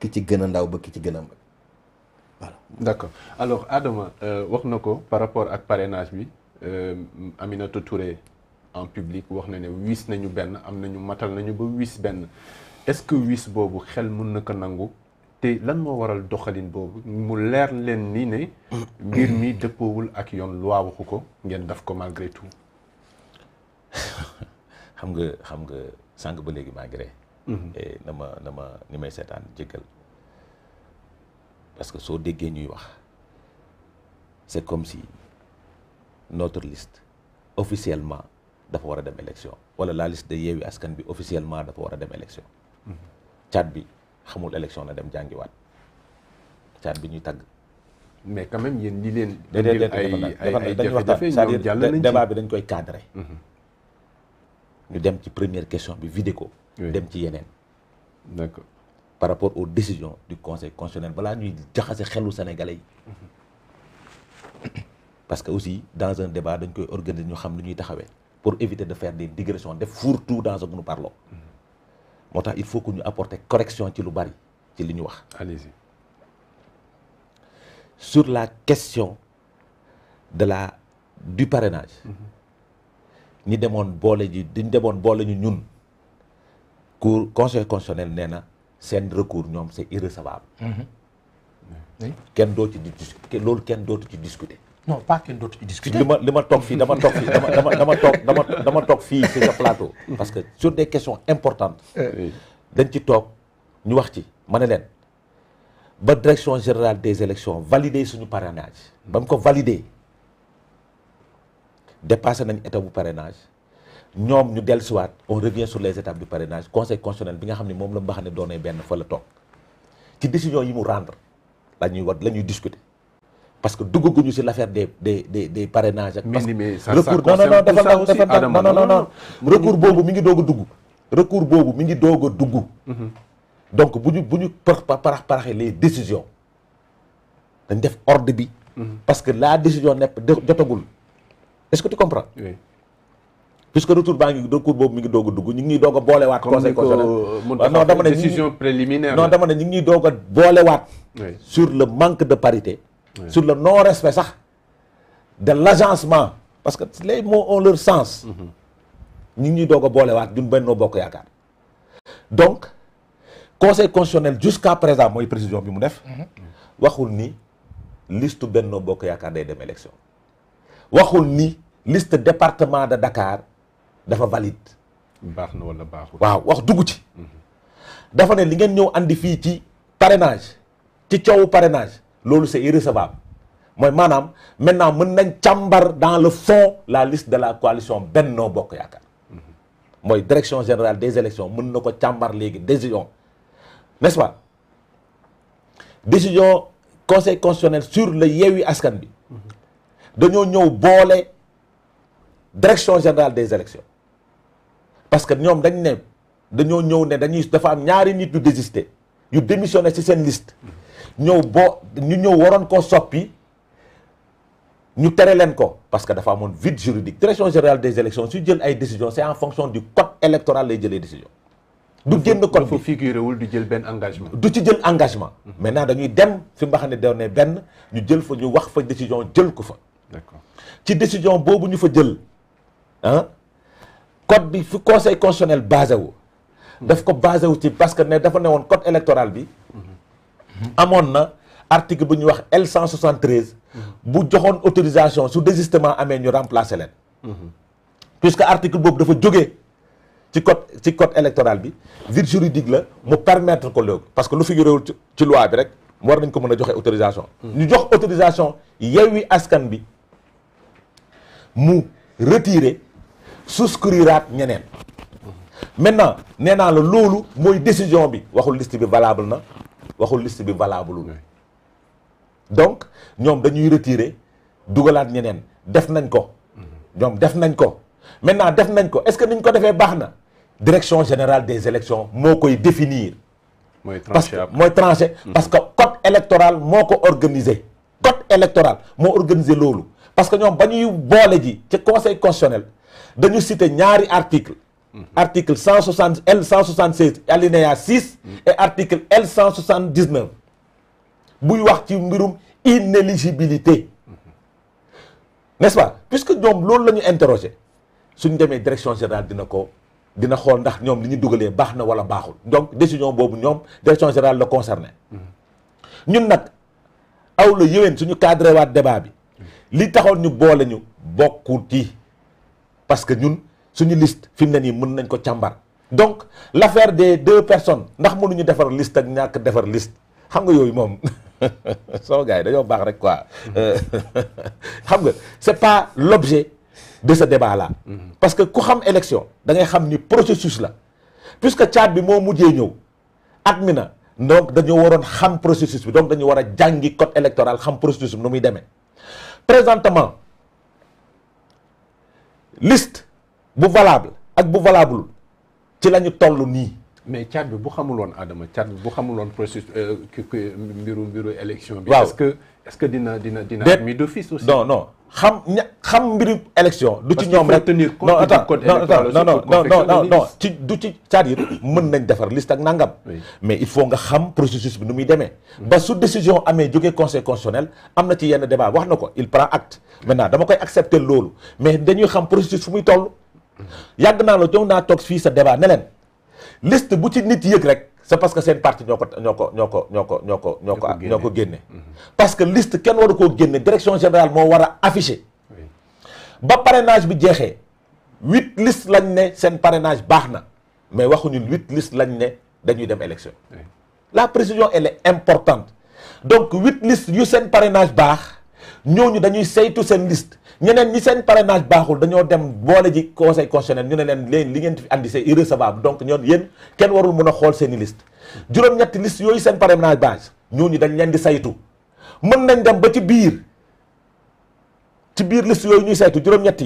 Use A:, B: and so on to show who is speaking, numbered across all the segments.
A: ki ci gën a ndaw ba ki ci gën a mag voilà. d'accord alors Adama euh, wax na ko par rapport ak parrainage bi euh, Aminata Touré en public wax na ne wis nañu benn am nañu matal nañu ba wis benn est-ce que wis boobu xel mun na ko nangu te lan moo waral doxalin boobu mu leer leen ni ne. mbir mi dëppoowul ak yoon loi waxu ko ngeen daf ko malgré tout. xam nga xam nga sànq ba léegi malgré. Mm-hmm. Eh, na ma na ma ni may seetaan jéggal parce que soo déggee ñuy wax c'est comme si notre list officiellement dafa war a dem élection wala la liste de Yewwi Askan bi officiellement dafa war a dem élection mm-hmm. caat bi xamul élection na dem jàngiwaat caat bi ñu tagg mais quand même yéen leen déedéet ay dañuy waxtaan c'est-à-dire débat bi dañ koy cadré mm-hmm. ñu dem ci première question bi vidé ko dem ci yeneen. d'accord par rapport aux décisions du conseil constitutionnel balaa ñuy jaxase xelu sénégalais yi parce que aussi dans un débat dañ koy organiser ñu xam li ñuy taxawee pour éviter de faire des digressions def fourre-tout dans ce que mm-hmm. moo tax il faut que ñu apporter correction ci lu bari ci li ñu wax. allez-y sur la question de la du parrainage. Mm-hmm. ñi boole ji diñ demoon boole ñu ñun. cour conseil constitutionnel nee na seen recours ñoom c' est mhm. kenn doo ci di loolu kenn dootu ci discuter. non pas kenn dootu li ma li ma toog fii dama toog fii dama toog dama dama toog fii ci sa plateau. parce que sur des questions importantes. Euh. dañ ci toog ñu wax ci ma ne leen ba direction générale des élections valider suñu parrainage. ba mu ko valider dépassé nañ état bu parrainage. ñoom ñu dellusiwaat on revient sur les étapes du parrainage conseil constitutionnel bi nga xam ne moom la mbaxam ne doonee benn fa la toog ci décision yi mu rendre la ñuy war la ñuy discuter parce que duggaguñu si l' affaire des des des des parrainages ak recours non non boobu mi ngi doog a dugg recours boobu mu ngi doog a dugg mm-hmm. donc bu ñu bu ñu parax paraxee les décision dañ def ordre bi mm-hmm. parce que la décision nepp jotagul est-ce que tu comprends puisque retour baa ngi recours boobu mi ngi doog a dugg ñu ngi ñuy a boolewaat conseil constitutionnel non a boolewaat sur le manque de parité sur le non respect sax de l'agencement parce que les moo ont leur sens mm-hmm. ñu ngi ñuy doog a boolewaat ñun Benno Bokk Yaakaar donc conseil constitutionnel jusqu'à présent mooy présision bi mu def mm-hmm. waxul ni liste Benno Bokk Yaakaar day dem élection waxul ni liste département de Dakar dafa valide. baax na wala baaxul. waaw wax dugg ci. dafa ne li ngeen ñëw andi fii ci parrainage ci coowu parenage loolu c'est irrecevable mooy maanaam maintenant mën nañ càmbar dans le fond la liste de la coalition Benno Bokk Yaakaar mooy direction générale des élections mën na ko càmbar léegi décision n'est-ce pas décision conseil constitutionnel sur le Yewwi Askan bi dañoo ñëw boole direction générale des élections parce que ñoom dañ ne dañoo ñëw ne dañuy dafa am ñaari nit yu désister yu démissionné ci seen liste ñëw boo ñu ñëw waroon koo soppi ñu tere leen ko parce que dafa amoon vide juridique direction générale des élections su jël ay décision c'est en fonction du code électoral lay jëlee décision du génn code bi wul du jël benn engagement du ci jël engagement mhm. maintenant dañuy dem fi nga xam ne daw ne benn ñu jël fa ñu wax fa décision jël ko fa d'accord ci décision boobu ñu fa jël code bi fi conseil constitutionnel basé wu. daf ko basé wu ci parce que ne dafa ne woon code électoral bi. amoon na article bu ñuy wax L 173. bu joxoon autorisation su désistement amee ñu remplacer leen. puisque article boobu dafa jóge ci code ci code électoral bi vide juridique la mu permettre ko léegi parce que lu figuré wul ci loi bi rek war nañ ko mën a joxe autorisation. ñu jox autorisation Yewwi Askan bi mu retirer. souscriraat ñeneen maintenant nee naa la loolu mooy décision bi waxul list bi valable na waxul liste bi valableul donc ñoom dañuy retirer dugalaat ñeneen def nañ ko ñoom def nañ ko maintenant def nañ ko est-ce que niñ ko defee baax na direction générale des élections moo koy définir mooy tranché mooy tranché hmm. parce que code électoral moo ko organisé code électoral moo organisé loolu parce que ñoom ba ñuy boole ji ci conseil constitutionnel dañu citer ñaari article article cent soixante L cent soixante seize alinéa six et article L cent soixante dix neuf buy wax ci mbirum inéligibilité n'est-ce pas puisque ñoom loolu la ñu interroger suñ demee direction générale dina ko dina xool ndax ñoom li ñu dugalee baax na wala baaxul donc décision boobu ñoom direction générale la concerné ñun nag aw la yéwén suñu cadré waat débat bi li taxoon ñu boole ñu bokkuti parce que ñun suñu liste fi mu ne nii mun nañ ko càmbar donc l' de deux personnes ndax mënuñu defar list ak ñàkk defar liste xam nga yooyu moom sama gars yi dañoo baax rek quoi euh, xam nga c' pas l' de ce débat là. Mm-hmm. parce que ku xam élection da ngay xam ni processus la puisque caat bi moo mujjee ñëw at mi na donc dañoo waroon xam processus bi donc dañu war a jàngi code électoral xam processus bi nu muy demee présentement. list bu valable ak bu valable ci la ñu toll nii mais caat bi bu xamuloon Adama caat bi bu xamuloon processus euh, mbiru mbiru élection bi. waaw que est-ce que dina dina dina. admis d'office aussi. non non xam ña xam mbiru élection. du ci ñoom rek tenir compte du code électoral non non mën nañ defar liste nangam. mais il faut nga xam processus bi nu muy demee. Mm. ba su décision amee jógee conseil constitutionnel am na ci yenn débat wax na ko il prend acte. maintenant dama koy accepter loolu mais dañuy xam processus fu muy toll. Mm. yàgg naa la jox naa toog fii sa débat ne liste bu ci nit yëg rek c'est parce que seen parti ñoo ko ñoo ko ñoo ko ñoo ko ñoo ko ñoo ko ñoo ko génne parce que list kenn waru koo génne direction générale moo war a affiché ba parrainage bi jeexee huit liste lañ ne seen parrainage baax na mais waxuñu huit liste lañ ne dañuy dem élection la précision elle est importante donc huit liste yu seen parrainage baax ñooñu dañuy saytu seen liste ñeneen ñi seen parrainage baaxul dañoo dem boole ji conseil constitutionnel ñu ne leen léegi li ngeen fi andi c'est irrecevable donc ñoon yéen kenn warul mun a xool seen i liste juróom-ñetti liste yooyu seen parrainage baax ñooñu dañ leen di saytu mën nañ dem ba ci biir ci biir liste yooyu ñuy saytu juróom-ñett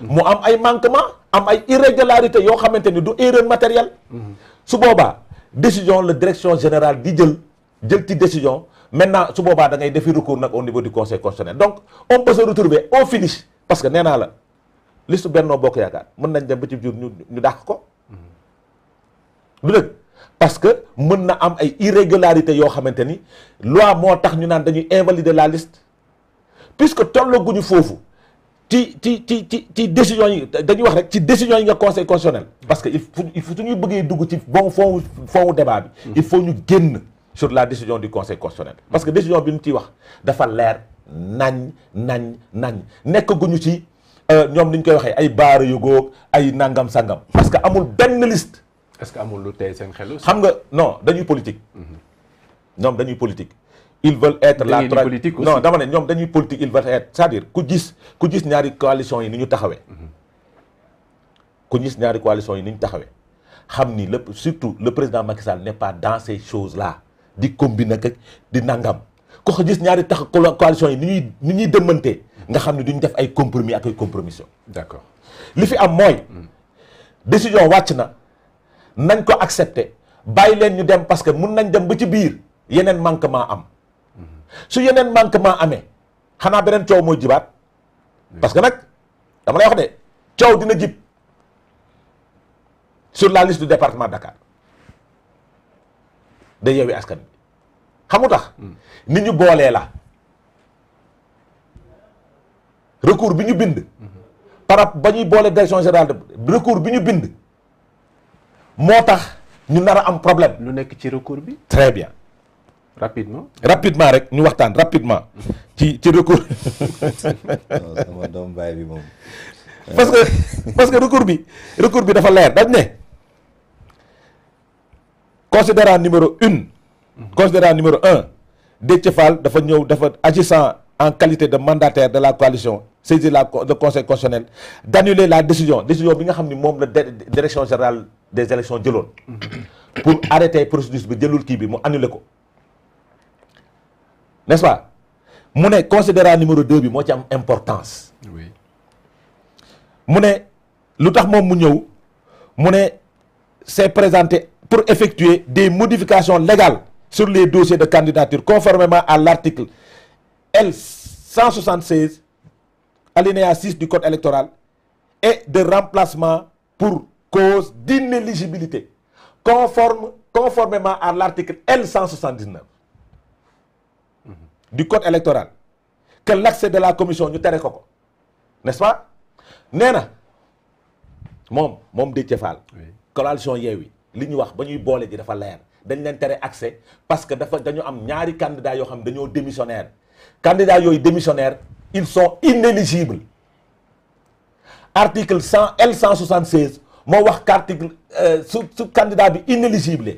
A: mu am ay manquement am ay irrégularité yoo xamante ni du erreur matérielle mm-hmm. su boobaa décision la direction général di jël jël ci décision maintenant su boobaa dangay ngay defi recours nag au niveau du conseil constitutionnel donc on peut se retrouver finish parce que nee naa la liste Benno Bokk Yaakaar mën nañ dem ba ci jur ñu ñu dàq ko lu dëgg parce que mën na am ay irrégularités yoo xamante ni loi moo tax ñu naan dañuy invalider la liste puisque tollaguñu foofu ci ci ci ci ci décision yi dañuy wax rek ci décision yi nga conseil constitutionnel parce que il faut il faut ñuy bëggee dugg ci bon foofu foofu débat bi il ñu génn sur la décision du conseil constitutionnel parce que décision bi mu ciy dafa leer nañ nañ nañ nekk guñu ci euh, ñoom ni koy waxee ay baara yu góog ay nangam sangam parce que amul benn liste. parce que amul lu tey seen xel. xam nga no dañuy politique. Mhm. ñoom dañuy politique. ils veulent être la politique non dama ne ñoom dañuy politique ils veulent être c'est-à-dire ku gis ku gis ñaari coalition yi ni ñu taxawee. Mhm. ku gis ñaari coalition yi ni ñu taxawee xam ni lépp surtout le président Macky Sall n'est pas dans ces choses di combiner ak di nangam ko gis ñaari tax coalition yi ni ñuy ni ñuy dëmmante nga xam ne duñ def ay compromis ak ay compromission d'accord li fi am mooy décision wàcc na nañ ko accepter bàyyi leen ñu dem parce que mun nañ dem ba ci biir yeneen manquement am su yeneen manquement amee xanaa beneen coow mooy jibaat parce que nag dama lay wax de coow dina jib sur la liste du département Dakar de Yewwi Askan Wi xamu tax nit ñu boolee la recours bi ñu bind par ba ñuy boole direction générale de recours bi ñu bind moo tax ñu nar a am problème lu nekk ci recours bi très bien rapidement rapidement rek ñu waxtaan rapidement ci ci recours sama doom bi moom parce que parce que recours bi recours bi dafa leer dañ ne considérant numéro une considérant numéro un Déthié Fall dafa ñëw dafa agissant en qualité de mandataire de la coalition saisir la le conseil constitutionnel d'annuler la décision décision bi nga xam ni moom la direction générale des élections jëloon pour arrêter processus bi jëlul kii bi mu annuler ko nest pas mu ne considérant numéro deux bi moo ci am importance oui mu ne lu tax moom mu ñëw mu ne s'est présenté pour effectuer des modifications légales sur les dossiers de candidature conformément à l'article L 176 alinéa 6 du code électoral et de remplacement pour cause d'inéligibilité conforme conformément à l'article L 179 mmh. du code électoral que l'accès de la commission ñu tere ko ko n'est-ce pas nee na moom moom Déthié Fall coalition Yewwi li ñu wax ba ñuy boole ji dafa leer dañ leen tere accès parce que dafa dañu am ñaari candidats yoo xam dañoo démissionnaire candidats yooyu démissionnaire ils sont inéligibles article cent L cent soixante moo wax article euh, su su candidat bi inéligible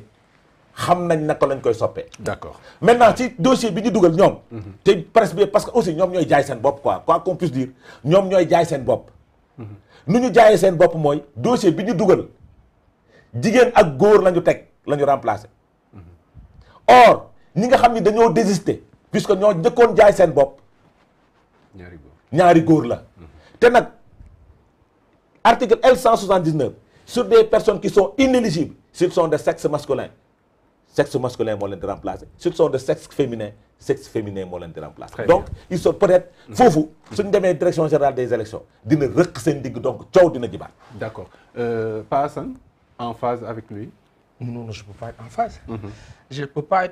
A: xam nañ na naka lañ koy soppee. d'accord maintenant ci dossier bi ñu dugal ñoom. Mhm. te presse bi parce que aussi ñoom ñooy jaay seen bopp ko quoi qu'on puisse dire ñoom ñooy jaay seen bopp. Mhm. nu ñu jaaye seen bopp mooy dossier bi ñu dugal. jigéen ak góor lañu teg la ñu remplacé or ñi nga xam ni dañoo désister puisque ñoo njëkkoon jaay seen bopp ñaari góor ñaari góor la te nag article L sur des personnes qui sont inéligibles s'ils sont de sexe masculin sexe masculin moo leen di remplacer s'ils sont de sexe féminin sexe féminin moo leen di remplacer donc ils sont peut mm-hmm. foofu suñ demee direction générale des élections dina rëq seen digg donc coow dina jibaat d'accord euh, Pa Assane en phase avec lui Non, non je ne peux pas être en phase. Mm -hmm. Je ne peux pas être